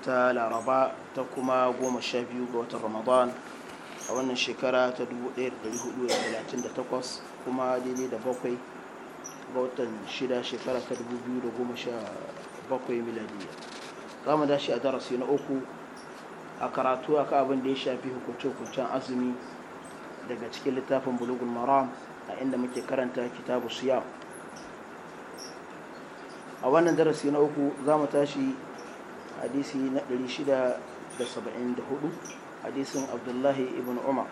ta laraba ta kuma goma sha biyu ga watan ramadan a wannan shekara ta 1438 kuma daidai da bakwai ga watan shida shekara ta 2017 miladiya za mu dashi a darasi na uku a karatu aka abin da ya shafi hukunce-hukuncen azumi daga cikin littafin bulugul maram a inda muke karanta kitabu siya a wannan darasi na uku za mu tashi hadisi na 674 hadisin abdullahi ibn umar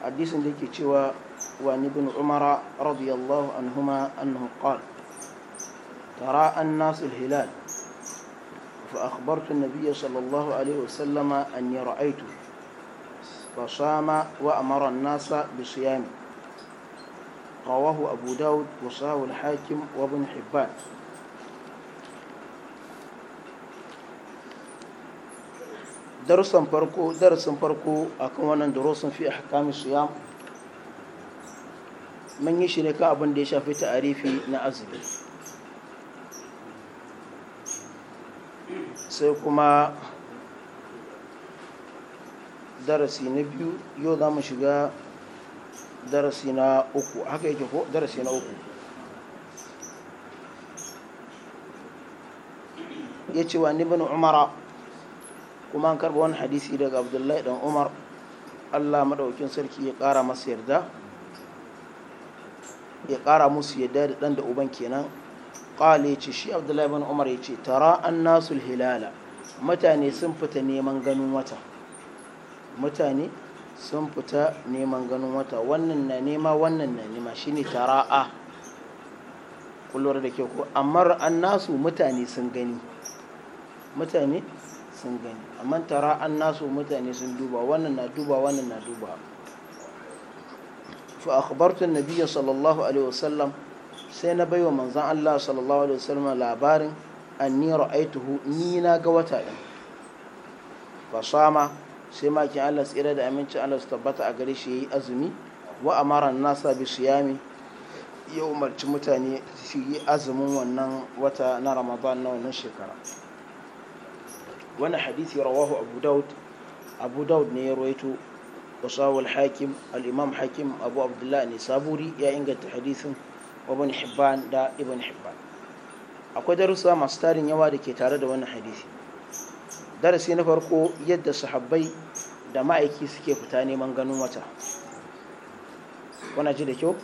hadisin da ke cewa wa ibn umara radiyallahu anhuma annahu qala تراءى الناس الهلال فأخبرت النبي صلى الله عليه وسلم أني رأيته فصام وأمر الناس بصيامه رواه أبو داود وصاه الحاكم وابن حبان darussan farko darasin farko akan wannan darussan fi ahkamis siyam mun yi shi ne kan abin da ya shafi ta'arifi na azumi sai kuma darasi na biyu yau za mu shiga darasi na uku haka yake ko darasi na uku ya ce wa ni bani umara kuma an karba wani hadisi daga abdullahi dan umar allah madaukin sarki ya kara masa yarda ya kara musu yarda da dan da uban kenan qale ce shi abdullahi bin umar ya ce tara an nasu hilala mutane sun fita neman ganin wata mutane sun fita neman ganin wata wannan na nema wannan na nema tara a? kullum da ke ko amma nasu mutane sun gani mutane sun gani amma tara an nasu mutane sun duba wannan na duba wannan na duba fa akhbartu nabiyya sallallahu alaihi wasallam sai na baiwa manzon Allah sallallahu alaihi wasallam labarin anni ra'aituhu ni na ga wata din fa sama sai makin Allah tsira da amincin Allah su tabbata a gare shi yayi azumi wa amara nasa bi siyami ya umarci mutane su yi azumin wannan wata na Ramadan na wannan shekara wani hadisi rawahu abu daud abu daud ne ya rawaito usawul hakim al-imam hakim abu abdullahi ne saburi ya inganta hadisin ibn hibban da ibn hibban akwai darussa masu tarin yawa da ke tare da wannan hadisi darasi na farko yadda sahabbai da ma'aiki suke fita neman ganin wata wana ji da kyau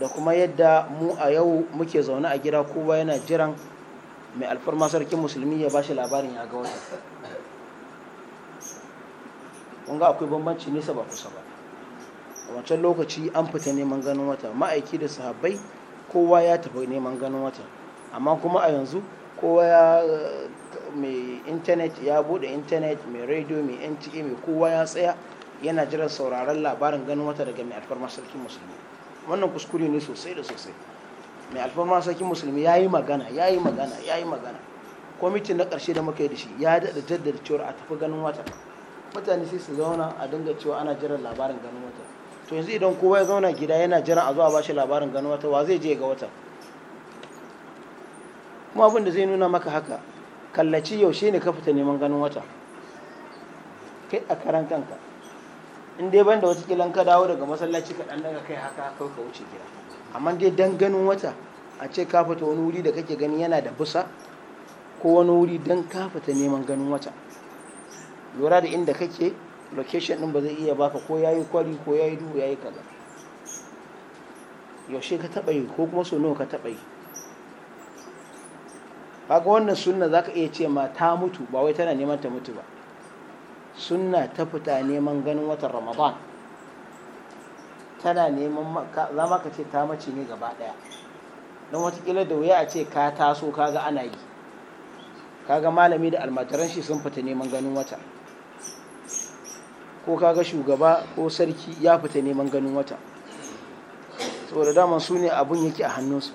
da kuma yadda mu a yau muke zaune a gida kowa yana jiran mai alfarma sarkin musulmi ya ba shi labarin ya ga wata kun ga akwai bambanci nesa ba kusa ba a wancan lokaci an fita neman ganin wata ma'aiki da sahabbai kowa ya tafi neman ganin wata amma kuma a yanzu kowa ya mai intanet ya bude intanet mai rediyo mai nta mai kowa ya tsaya yana jiran sauraron labarin ganin wata daga mai alfarma sarkin musulmi wannan kuskure ne sosai da sosai mai alfarma sarkin musulmi ya yi magana ya yi magana ya yi magana kwamitin na ƙarshe da muka yi da shi ya daɗa jaddada cewar a tafi ganin wata mutane sai su zauna a dinga cewa ana jiran labarin ganin wata to yanzu idan kowa ya zauna gida yana jiran a zuwa a ba shi labarin ganin wata wa zai je ga wata kuma abin da zai nuna maka haka kallaci yaushe ne ka fita neman ganin wata kai a karan kanka in dai da wata kilan ka dawo daga masallaci ka ɗan daga kai haka kawai ka wuce gida amma dai dan ganin wata a ce ka fita wani wuri da kake gani yana da busa ko wani wuri dan ka fita neman ganin wata lura da inda kake location din ba zai iya baka ko yayi kwari ko yayi duhu yayi kaza yaushe ka taba yi ko kuma so ka taba yi kaga wannan sunna zaka iya ce ma ta mutu ba wai tana neman ta mutu ba sunna ta fita neman ganin watan ramadan tana neman za ma ka ce ta mace ne gaba ɗaya don watakila da wuya a ce ka taso kaga ana yi kaga malami da almataran shi sun fita neman ganin wata ko kaga shugaba ko sarki ya fita neman ganin wata saboda daman su ne abin yake a hannunsu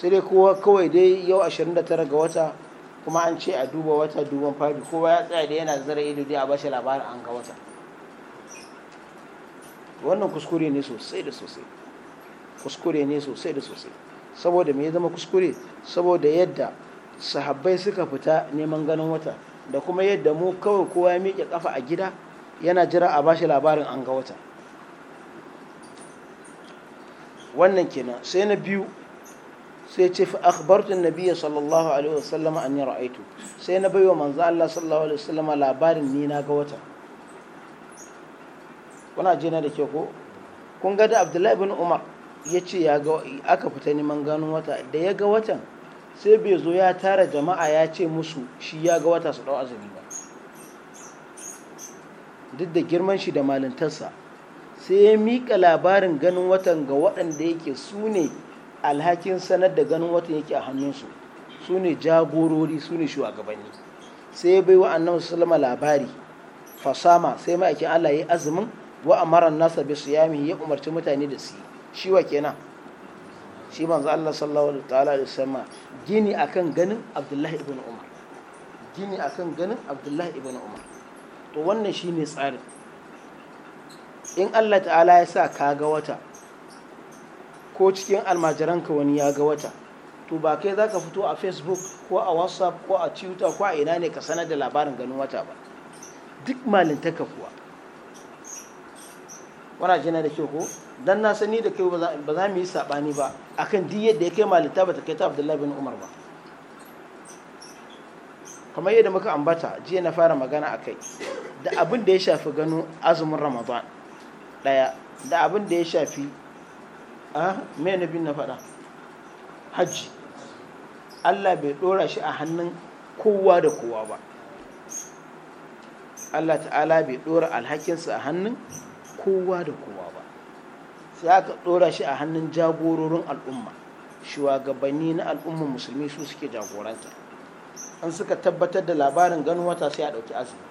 sai dai kowa kawai dai yau 29 ga wata kuma an ce a duba wata duban fadi, kowa ya tsaya da yana zara ido dai a bashi labarin an ga wata wannan kuskure ne sosai da sosai kuskure ne sosai da sosai saboda me ya zama kuskure saboda yadda sahabbai suka fita neman ganin wata da kuma yadda mu kawai kowa ya miƙe kafa a gida yana jira a bashi labarin an ga wata wannan kenan sai na biyu sai ce fi akhbartun nabiya sallallahu alaihi wasallama an yi ra'aitu sai na baiwa manzo Allah sallallahu alaihi wasallama labarin ni na ga wata kuna jina da ke ko kun ga da abdullahi bin umar ya ce ya ga. aka fita neman ganin wata da ya ga watan sai bai zo ya tara jama'a ya ce musu shi ya ga wata su ɗau azumi ba duk da girman shi da malintarsa sai ya miƙa labarin ganin watan ga waɗanda yake su ne alhakin sanar da ganin watan yake a hannunsu su ne jagorori su ne shugabanni sai ya bai wa annabi sallama labari fasama sai ma'aikin allah ya yi azumin wa amaran nasa bi siyami ya umarci mutane da su shi wa kenan shi manzo Allah sallallahu ta'ala alaihi wasallam gini akan ganin Abdullahi ibn Umar gini akan ganin Abdullahi ibn Umar to wannan shine tsarin in Allah ta'ala ya sa ka ga wata ko cikin almajiranka wani ya ga wata to ba kai za ka fito a facebook ko a whatsapp ko a twitter ko a ina ne ka sanar da labarin ganin wata ba duk malinta ka kuwa wana jina da kyau ko dan na sani da kai ba za mu yi sabani ba akan di yadda ya kai malita ba ta kai ta Abdullahi bin Umar ba kamar yadda muka ambata jiya na fara magana a kai da abin da ya shafi gano azumin Ramadan daya da abin da ya shafi a ah, me na bin na faɗa hajji Allah bai dora shi a hannun kowa da kowa ba Allah ta'ala bai dora alhakinsa a hannun kowa da kowa ba sai aka dora shi a hannun jagororin al'umma shugabanni na al'umman musulmi su suke jagoranta an suka tabbatar da labarin ganin wata sai a ɗauki azumi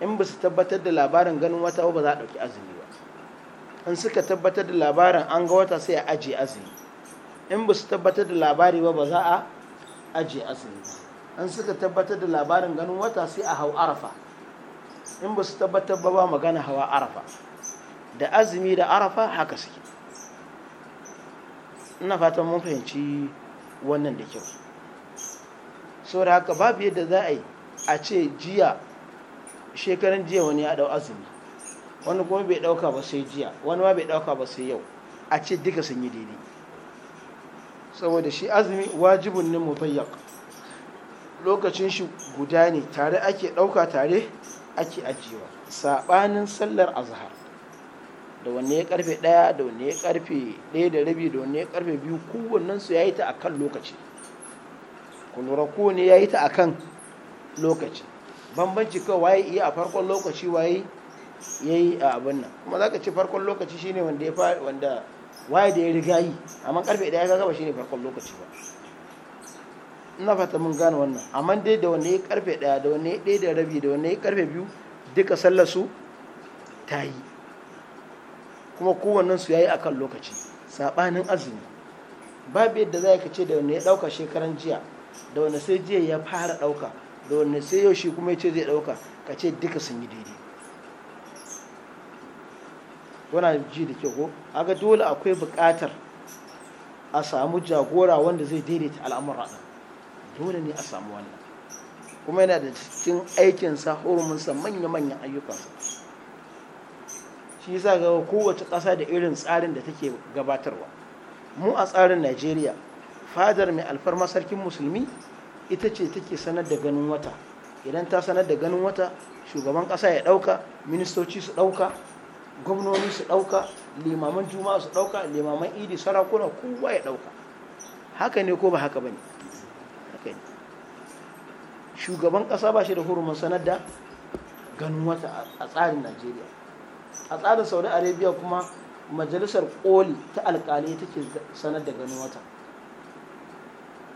in ba su tabbatar da labarin ganin wata ba za a ɗauki azumi ba in suka tabbatar da labarin an ga wata sai a ajiye azumi in ba su tabbatar da labari ba ba za a ajiye azumi ba in suka tabbatar da labarin ganin wata sai a hau arafa in ba su tabbatar ba ba magana hawa arafa da azumi da arafa haka suke ina fatan mun fahimci wannan da kyau saboda haka babu yadda za a yi a ce jiya shekaran jiya wani ya dau azumi wani kuma bai dauka ba sai jiya wani ma bai dauka ba sai yau a ce duka sun yi daidai saboda shi azumi wajibin ne mutayyak lokacin shi guda ne tare ake dauka tare ake ajiyewa sabanin sallar azhar da wanne ya karfe ɗaya da wanne ya karfe ɗaya da rabi da wanne ya karfe biyu kowannen su ya yi ta kan lokaci ku lura kowanne ya yi ta a kan lokaci bambanci kawai waye iya a farkon lokaci waye ya yi a abin nan kuma za ka ce farkon lokaci shi ne wanda ya wanda waye da ya riga yi amma karfe ɗaya ga gaba shi ne farkon lokaci ba ina fata mun gane wannan amma dai da wanne ya karfe ɗaya da wanne ya ɗaya da rabi da wanne ya karfe biyu duka sallar su ta yi kuma kowannen su yayi akan lokaci sabanin azumi babu yadda za ka ce da wanne ya dauka shekaran jiya da wanne sai jiya ya fara dauka da wanne sai yau shi kuma ya ce zai dauka ka ce duka sun yi daidai wana ji da ke ko aga dole akwai buƙatar a samu jagora wanda zai daidaita al'amura dole ne a samu wannan kuma yana da cikin aikinsa hurumunsa manya-manyan ayyukansa shi yasa ga kowace ƙasa da irin tsarin da take gabatarwa mu a tsarin najeriya fadar mai alfarma sarkin musulmi ita ce take sanar da ganin wata idan ta sanar da ganin wata shugaban ƙasa ya ɗauka ministoci su ɗauka gwamnoni su ɗauka limaman juma'a su ɗauka limaman idi sarakuna kowa ya ɗauka haka ne ko ba haka ba ne shugaban ƙasa ba shi da hurumin sanar da ganin wata a tsarin najeriya a tsarin saudi arabia kuma majalisar koli ta alkali take sanar da ganin wata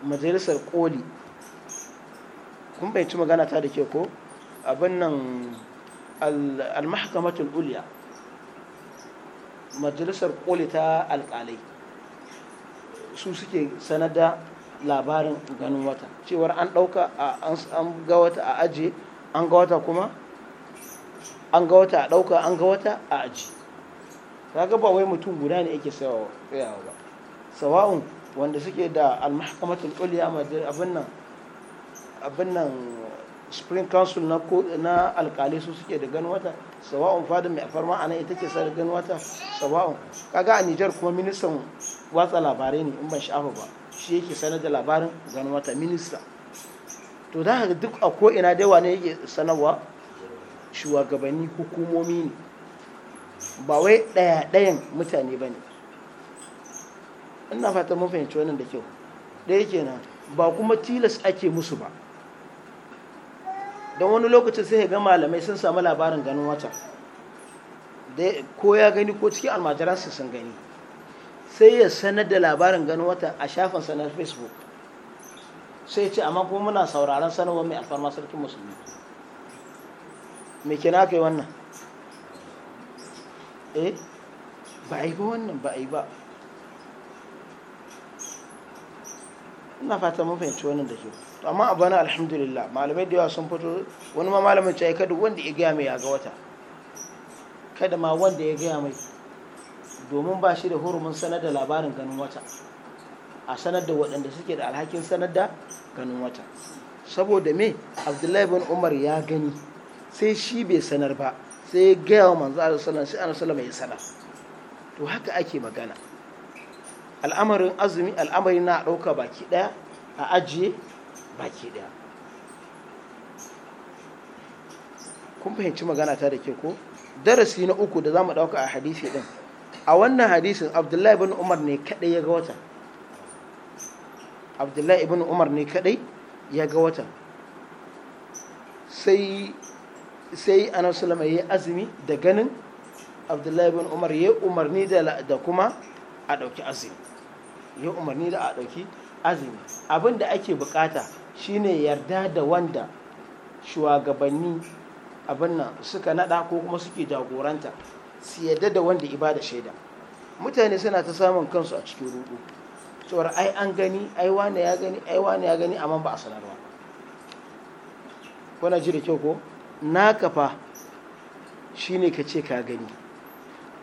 majalisar koli kun bai ci magana ta da ke ko abin nan almahakamatul uliya majalisar koli ta alkalai su suke sanar da labarin ganin wata cewar an ɗauka an ga wata a aje an ga wata kuma an ga wata a ɗauka an ga wata a aji kaga ba wai mutum guda ne yake tsayawa ba sawa'un wanda suke da almahkamatul ulya abin nan abin spring council na na alkali su suke da gani wata sawa'un fadin mai farma a nan ita ce da gani wata sawa'un kaga a Nijar kuma ministan watsa labarai ne in ban sha'afa ba shi yake sanar da labarin gani wata minista to da haka duk a ko ina dai wane yake sanarwa shugabanni hukumomi ne ba wai ɗaya-ɗayan mutane ba ne ina fata mun fahimci wannan da kyau ɗaya kenan ba kuma tilas ake musu ba don wani lokacin sai ga malamai sun samu labarin ganin wata ko ya gani ko cikin almajiransu sun gani sai ya sanar da labarin ganin wata a shafinsa na facebook sai ce amma kuma muna sauraron sanarwar mai alfarma sarkin musulmi meke na aka yi wannan eh ba a yi ba wannan ba a yi ba ina fata mun fahimci wannan da ke amma a bana alhamdulillah malamai da yawa sun fito wani ma malamin cewa kada wanda ya gaya mai ya ga wata kada ma wanda ya gaya mai domin ba shi da hurumin sanar da labarin ganin wata a sanar da waɗanda suke da alhakin sanar da ganin wata saboda me abdullahi bin umar ya gani sai shi bai sanar ba sai gaya wa manzo Allah sallallahu alaihi wasallam ya sanar to haka ake magana al'amarin azumi al'amari na ɗauka baki ɗaya a ajiye baki ɗaya kun fahimci magana ta da ke ko darasi na uku da za mu ɗauka a hadisi ɗin a wannan hadisin abdullahi ibn umar ne kaɗai ya ga wata abdullahi ibn umar ne kaɗai ya ga wata sai sai Anasulama ya ya azumi da ganin abdullahi bin umar ya umarni da kuma a ɗauki azumi ya umarni da a ɗauki azumi abin da ake bukata shine yarda da wanda shugabanni abin nan suka nada ko kuma suke jagoranta su yarda da wanda ibada shaida mutane suna ta samun kansu a cikin rudu cewar ai an gani ai wane ya gani ai wane ya gani amma ba a sanarwa kuna ji da kyau ko Na kafa shi ne ka ce ka gani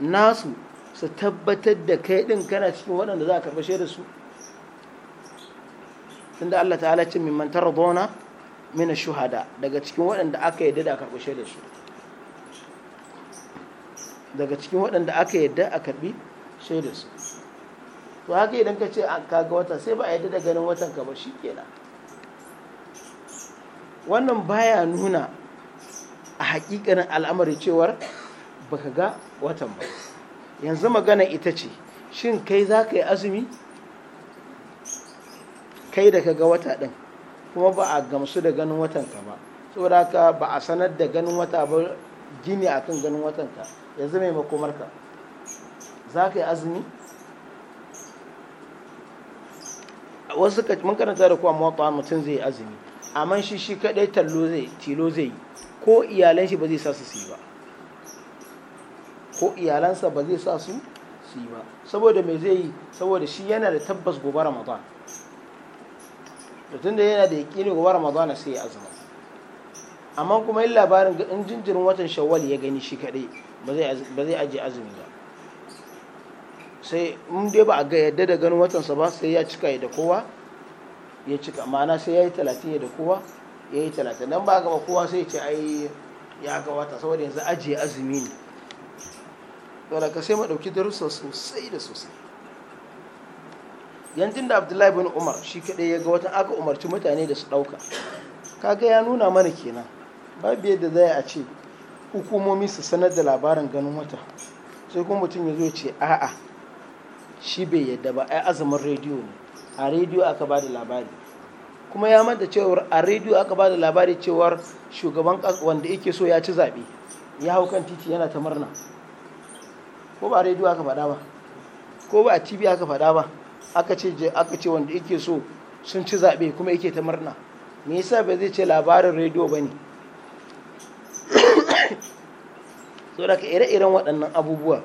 nasu su tabbatar da kai din kana cikin waɗanda za a karɓa da su tunda Allah ta'ala ce min mantar rabona mina shuhada daga cikin waɗanda aka yadda da a karɓi da su daga cikin waɗanda aka yadda a karɓi da su to haka idan ka ce ka ga wata sai ba a yadda da ganin watan ka ba shi kenan wannan baya nuna a hakikanin al'amari cewar baka ga watan ba yanzu magana ita ce shin kai za ka yi azumi kai da ka ga wata ɗin kuma ba a gamsu da ganin watan ka ba saboda haka ba a sanar da ganin wata ba gini akan ganin watan ka yanzu mai makomarka za ka yi azumi wasu mun karanta da kuwa mawaƙa mutum zai azumi amma shi shi kaɗai tallo zai tilo zai yi ko iyalan shi ba zai sa su yi ba ko iyalansa ba zai sa su su yi ba saboda me zai yi saboda shi yana da tabbas gobe ramadan tun da yana da yaƙini gobe ramadan sai ya azuma amma kuma yin labarin ga in jinjirin watan shawwal ya gani shi kadai ba zai ajiye azumi ba sai in dai ba a ga yadda da ganin watansa ba sai ya cika ya da kowa ya cika ma'ana sai ya yi talatin ya da kowa ya yi talatin nan ba gaba kowa sai ce ai ya gabata saboda yanzu ajiye azumi ne saboda ka sai mu ɗauki darussa sosai da sosai yanzu da abdullahi bin umar shi kaɗai ya ga watan aka umarci mutane da su ɗauka kaga ya nuna mana kenan Ba biyar da zai a ce hukumomi su sanar da labarin ganin wata sai kuma mutum ya zo ce a'a shi bai yadda ba ai azumin rediyo ne a rediyo aka ba da labari kuma ya manta cewar a rediyo aka ba da labari cewar shugaban wanda yake so ya ci zaɓe ya hau kan titi yana ta murna ko ba a rediyo aka faɗa ba ko ba a tv aka faɗa ba aka ce aka ce wanda yake so sun ci zaɓe kuma yake ta murna me yasa ba zai ce labarin rediyo ba ne so daga ire-iren waɗannan abubuwa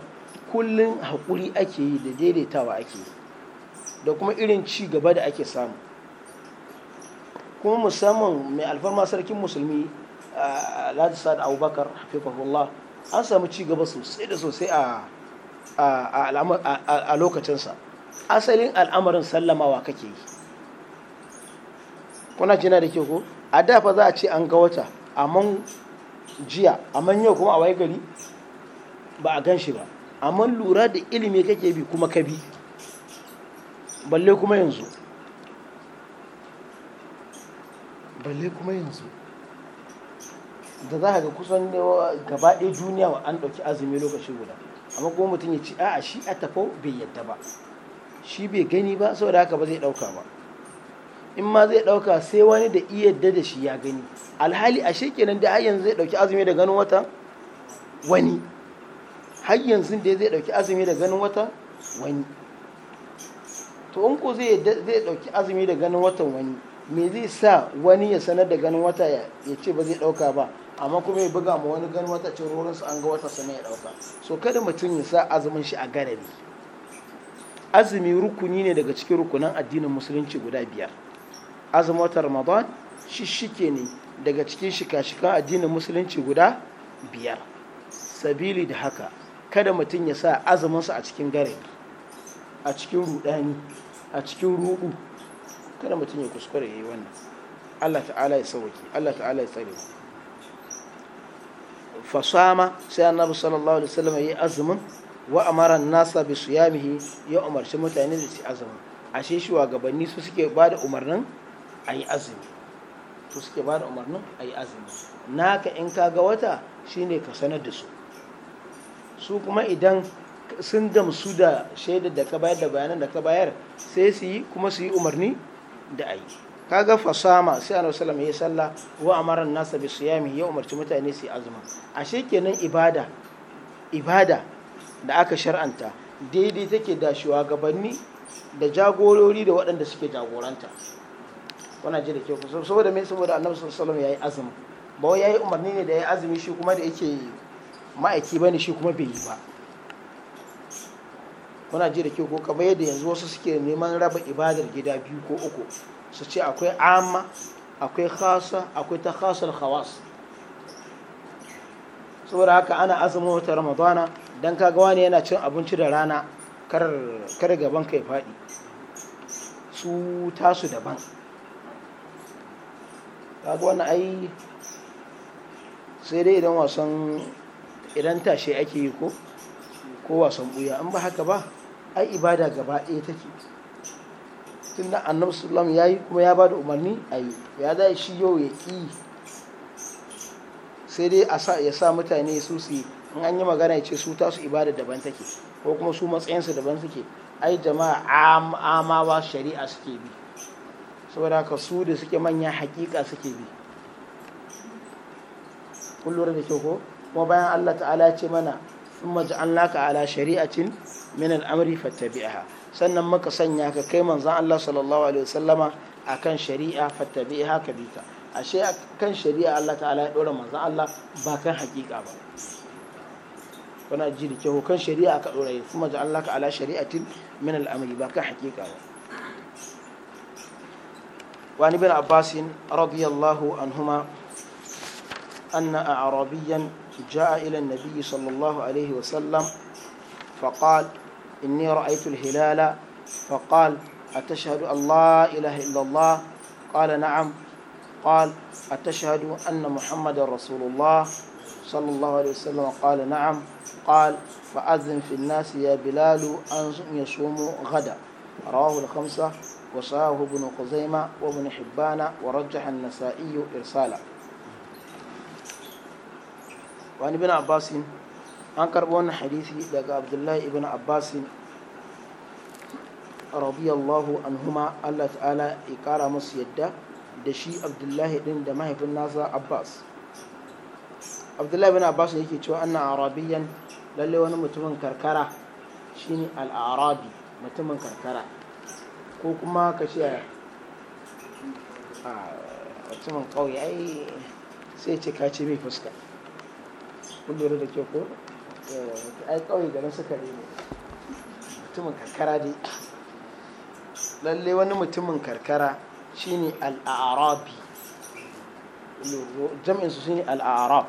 kullum haƙuri ake yi da daidaitawa ake yi da kuma irin ci gaba da ake samu kuma musamman mai alfarma sarkin musulmi alhaji sa'ad abubakar hafifahullah an samu ci gaba sosai da sosai a lokacinsa asalin al'amarin sallamawa kake yi kuna jina da ke ko a da fa za a ce an ga wata amma jiya amma yau kuma a waye gari ba a gan shi ba amma lura da ilimi kake bi kuma ka bi balle kuma yanzu balle kuma yanzu da za ka ga kusan gaba ɗaya duniya wa an ɗauki azumi lokaci guda amma kuma mutum ya ci a shi a tafau bai yadda ba shi bai gani ba saboda haka ba zai ɗauka ba in ma zai ɗauka sai wani da iya yadda da shi ya gani alhali a kenan da har yanzu zai ɗauki azumi da ganin wata wani har yanzu da zai ɗauki azumi da ganin wata wani to in ko zai ɗauki azumi da ganin watan wani me zai sa wani ya sanar da ganin wata ya ce ba zai dauka ba amma kuma ya buga ma wani ganin wata ce rorinsa an ga wata sama ya dauka so kada mutum ya sa azumin shi a garabi azumi rukuni ne daga cikin rukunan addinin musulunci guda biyar azumin watan ramadan shi shike ne daga cikin shika-shikan addinin musulunci guda biyar sabili da haka kada mutum ya sa azuminsa a cikin garabi a cikin rudani a cikin rudu kada mutum ya kuskure ya yi wannan Allah ta'ala ya sauki Allah ta'ala ya tsare fasama sai annabi sallallahu alaihi wasallam yi azumin wa amara nasa bi siyamihi ya umarci mutane da su azumin ashe gabanni su suke ba da umarnin a yi azumi su suke ba da umarnin a yi azumi naka in ka ga wata shine ka sanar da su su kuma idan sun gamsu da shaidar da ka bayar da bayanan da ka bayar sai su yi kuma su yi umarni da a yi kaga fasama sai annabi sallallahu alaihi wasallam wa amara nasa bi siyami ya umarci mutane su azuma ashe kenan ibada ibada da aka shar'anta daidai take da shugabanni da jagorori da waɗanda suke jagoranta wannan ji da kyau saboda me saboda annabi sallallahu alaihi wasallam yayi azumi ba ya yi umarni ne da yayi azumi shi kuma da yake ma'aiki bane shi kuma bai yi ba kuna ji da kyau ko kamar yadda yanzu wasu suke neman raba ibadar gida biyu ko uku su ce akwai amma akwai khasa akwai ta khasar khawas saboda haka ana azumin wata ramadana dan kaga wani yana cin abinci da rana kar gaban kai fadi su tasu daban kaga wani ai sai dai idan wasan idan tashe ake yi ko wasan buya in ba haka ba ai ibada gaba ɗaya take tun da annabi sallam ya yi kuma ya ba da umarni a yi ya za shi yau ya ƙi sai dai ya sa mutane su su in an yi magana ya ce su tasu ibada daban take ko kuma su matsayinsu daban suke ai jama'a amawa shari'a suke bi saboda haka su da suke manyan hakika suke bi Kullum da ke ko kuma bayan allah ta'ala ya ce mana sun an laka ala shari'atin min al'amri fattabi'aha sannan muka sanya ka kai manzan Allah sallallahu alaihi wasallama akan shari'a fattabi'aha ka bita ashe kan shari'a Allah ta'ala ya dora manzan Allah ba kan hakika ba kuna ji da kyau kan shari'a ka dora yi kuma ja Allah ka ala shari'atin min al'amri ba kan hakika ba وعن ابن عباس رضي anhuma عنهما أن أعرابيا جاء إلى النبي صلى الله عليه وسلم فقال إني رأيت الهلال فقال أتشهد أن لا إله إلا الله قال نعم قال أتشهد أن محمد رسول الله صلى الله عليه وسلم قال نعم قال فأذن في الناس يا بلال أن يصوموا غدا رواه الخمسة وصاه ابن خزيمة وابن حبان ورجح النسائي إرسالا وعن ابن عباس an karɓi wannan hadisi daga abdullahi ibn abbas radiyallahu anhuma allah ta'ala ya kara musu yadda da shi abdullahi din da mahaifin nasa abbas abdullahi ibn abbas yake cewa anna arabiyan lalle wani mutumin karkara shine al-arabi mutumin karkara ko kuma ka ce a mutumin kauye ai sai ce ka ce mai fuska kun da ke ko Eh, ai kawai garin suka ne mutumin karkara dai lalle wani mutumin karkara shine al'arabi jam'in su shine al'arab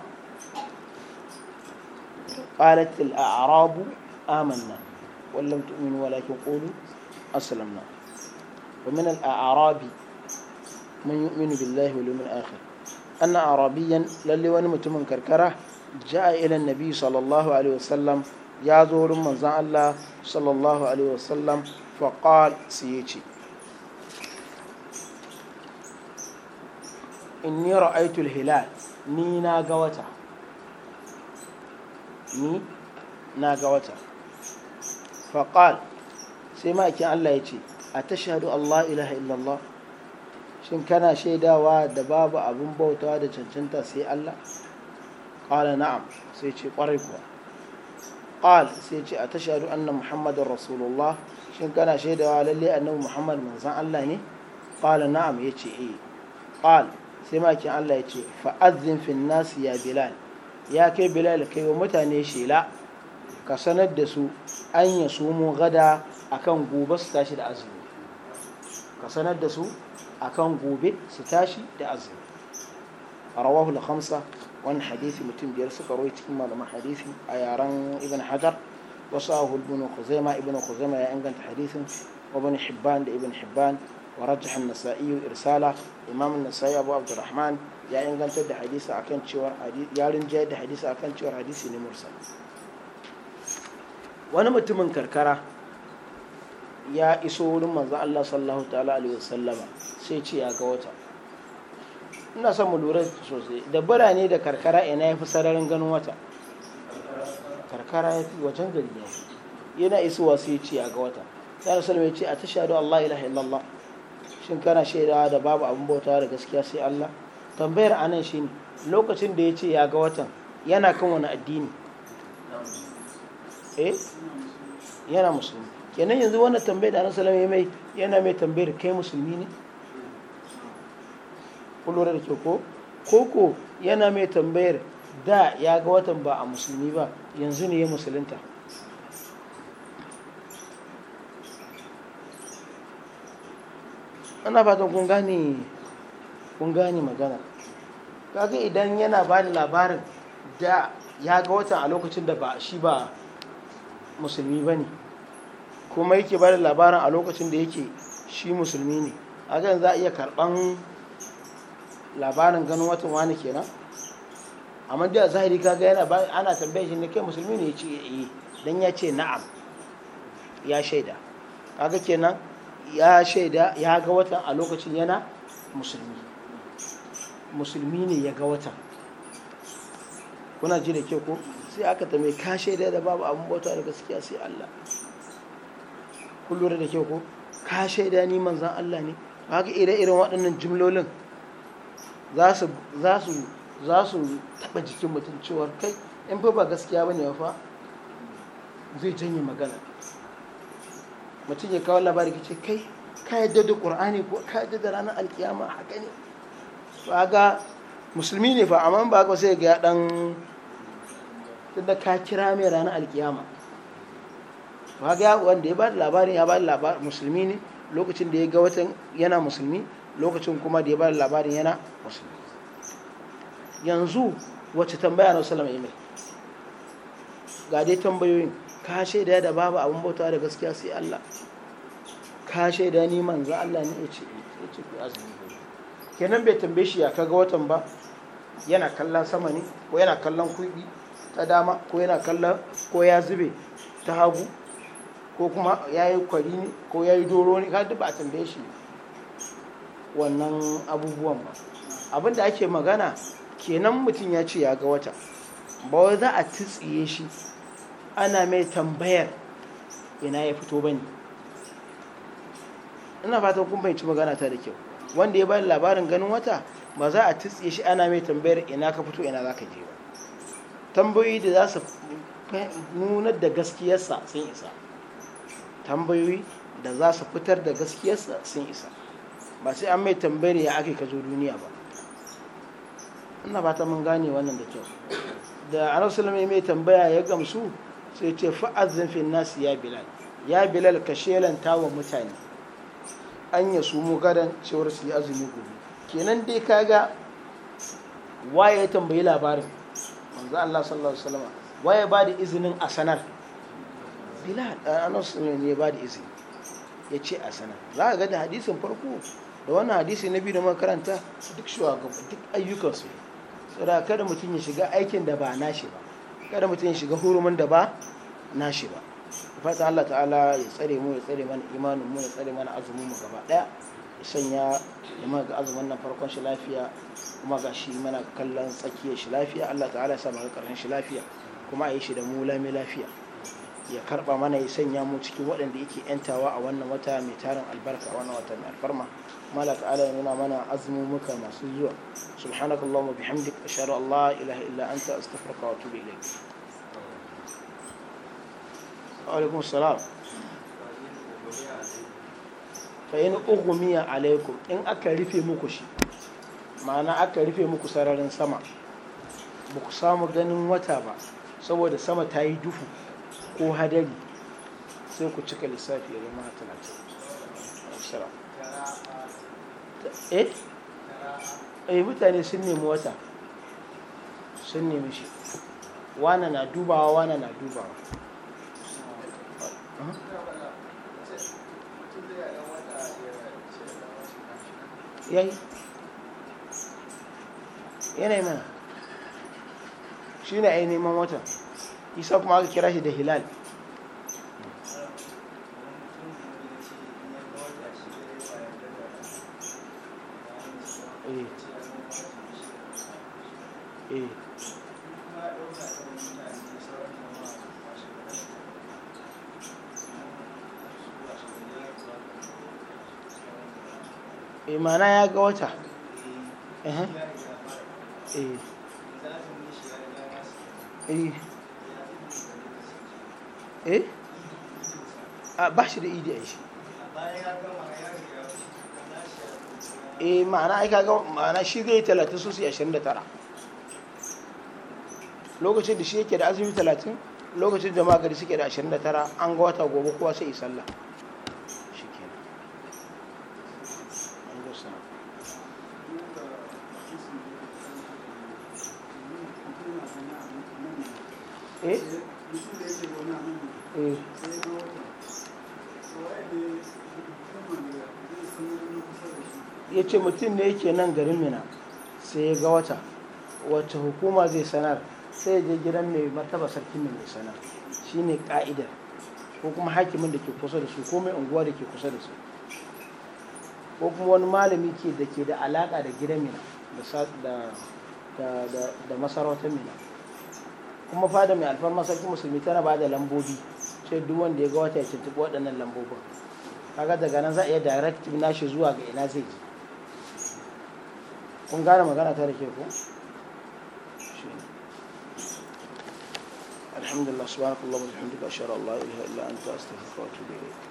qalat al'arabu amanna wallam tu'minu walakin qulu aslamna wa min al'arabi man yu'minu billahi wal yawmil akhir anna arabiyan lalle wani mutumin karkara ja'a ila nabi sallallahu alaihi wasallam ya zo wurin manzon Allah sallallahu alaihi wasallam fa qal sai yace inni hilal ni na ga wata ni na ga wata fa sai ma'aikin Allah ya ce a tashhadu Allah illallah shin kana shaidawa da babu abun bautawa da cancanta sai Allah qala na'am sai ce kwarai kuwa qal sai ce a tashhadu anna muhammadar rasulullah shin kana shaidawa lalle annabi muhammad manzon Allah ne qala na'am yace eh qal sai makin Allah ya ce fa'azzin fin nasi ya bilal ya kai bilal kai wa mutane shela ka sanar da su an ya sumo gada kan gobe su tashi da azumi ka sanar da su akan gobe su tashi da azumi rawahu da khamsa wani hadisi mutum biyar suka roi cikin malaman hadisi a yaren ibn hajar wasu ahu ibn kuzema ibn kuzema ya inganta hadisin bani hibban da ibn hibban wa rajahan nasa'iyu irsala imam nasai abu abdurrahman ya inganta da hadisi akan cewa ya rinjaye da hadisi akan cewa hadisi ne mursal wani mutumin karkara ya iso wurin manzo Allah sallallahu ta'ala alaihi wasallama sai ce ya ga wata ina son mu lura sosai da birane da karkara ina ya fi sararin ganin wata karkara ya fi wajen gari ya yana isuwa su yi ci a ga wata ya rasu ya ce a ta shaɗu allah ilaha illallah shin kana shaidawa da babu abin bautawa da gaskiya sai allah tambayar anan shi ne lokacin da ya ce ya ga watan yana kan wani addini eh yana musulmi kenan yanzu wannan tambayar da anan salama mai yana mai tambayar kai musulmi ne kun da ke ko koko yana mai tambayar da ya ga watan ba a musulmi ba yanzu ne ya musulunta ana fatan kun gane kun gane magana kaga idan yana ba da labarin da ya ga watan a lokacin da ba shi ba musulmi ba ne kuma yake ba da labarin a lokacin da yake shi musulmi ne a za a iya karban labarin ganin watan wani kenan amma da zahiri zahiri kaga yana ana tambayar shi ne kai musulmi ne ya ce eh dan ya ce na'am ya shaida kaga kenan ya shaida ya ga watan a lokacin yana musulmi musulmi ne ya ga watan kuna ji da ke ko sai aka ta mai ka shaida da babu abun bauta da gaskiya sai Allah kun da ke ko ka shaida ni manzan Allah ne haka ire-iren waɗannan jimlolin za su taɓa jikin mutum cewar kai in fa ba gaskiya ba ne fa zai janye magana mutum ya kawo labari ka ce kai ka yadda da ƙur'ani ko ka yadda da ranar alkiyama haka ne ba ga musulmi ne fa amma ba ka sai ga ɗan tunda ka kira mai ranar alkiyama ba ga wanda ya ba da labarin ya ba da labarin musulmi ne lokacin da ya ga watan yana musulmi lokacin kuma da ya bada labarin yana musulmi yanzu wacce tambaya na sallama imai ga dai tambayoyin ka shaida da babu abin bauta da gaskiya sai Allah ka shaida ni manzo Allah ne yace yace ku azumi kenan bai tambaye shi ya kaga watan ba yana kallon sama ne ko yana kallon kuɗi ta dama ko yana kallon ko ya zube ta hagu ko kuma ya yi kwari ne ko ya yi doro ne ka duk a tambaye shi ne wannan abubuwan ba abin da ake magana kenan mutum ya ce ya ga wata ba wai za a tutsiye shi ana mai tambayar ina ya fito ba ne ina fatan kun fahimci magana ta da kyau wanda ya bani labarin ganin wata ba za a tutsiye shi ana mai tambayar ina ka fito ina za ka je ba tambayoyi da za su nunar da gaskiyarsa sun isa tambayoyi da za su fitar da gaskiyarsa sun isa ba sai an mai tambayar ya ake ka zo duniya ba ina ta mun gane wannan da kyau da annabi mai tambaya ya gamsu sai ce fa'azzin fi nas ya bilal ya bilal ka shelanta wa mutane an ya su mu gadan cewar su yi azumi gobe kenan dai ka ga. waye ya tambayi labarin manzo Allah sallallahu alaihi wasallam waye ba da izinin a sanar bilal annabi sallallahu ne ba da izini ya ce a sanar za ka ga da hadisin farko da wannan hadisi na biyu da makaranta su duk shugaban duk ayyukansu saboda kada mutum ya shiga aikin da ba nashi ba kada mutum ya shiga hurumin da ba nashi ba fata Allah ta'ala ya tsare mu ya tsare mana imanin mu ya tsare mana azumin mu gaba daya ya sanya ya ga azumin nan farkon shi lafiya kuma ga shi mana kallon tsakiyar shi lafiya Allah ta'ala ya sa mu karshen shi lafiya kuma a yi shi da mu lami lafiya ya karba mana ya sanya mu cikin waɗanda yake yantawa a wannan wata mai tarin albarka wannan wata mai alfarma malaka ala ya nuna mana azumumuka masu zuwa subhanakallahumma bihamdik ashhadu an la ilaha illa anta astaghfiruka wa atubu ilayk alaikum salam fa in ughmiya alaikum in aka rufe muku shi ma'ana aka rufe muku sararin sama ba ku samu ganin wata ba saboda sama ta yi duhu ko hadari sai ku cika lissafi ya zama talatin. eh eh mutane sun nemi wata sun nemi shi wana na dubawa wana na dubawa yayi yanayi mana shi ne a yi neman wata isa kuma aka kira shi da hilal imana eh, eh. Eh, ya ga wata ah, ba shi da idi e a shi eh ma'ana ai kaga ma'ana shi zai talatin su su ashirin lokacin da shi yake da azumi talatin lokacin da magari suke da ashirin an ga wata gobe kowa sai sallah ya ce mutum ne yake nan garin mina sai ya ga wata wacce hukuma zai sanar sai ya je gidan mai martaba sarkin mai sanar shi ne ka'idar ko kuma hakimin da ke kusa da su ko mai unguwa da ke kusa da su ko kuma wani malami ke da ke da alaka da gidan mina da masarautar mina kuma fada mai alfarma sarki musulmi tana ba da lambobi ce duk wanda ya ga wata ya tuntuɓi waɗannan lambobin kaga daga nan za a iya direct shi zuwa ga ina zai je kun gane magana ta da ke ku alhamdulillah subhanahu wa ta'ala wa bihamdika ashhadu an la ilaha illa anta astaghfiruka wa atubu ilayk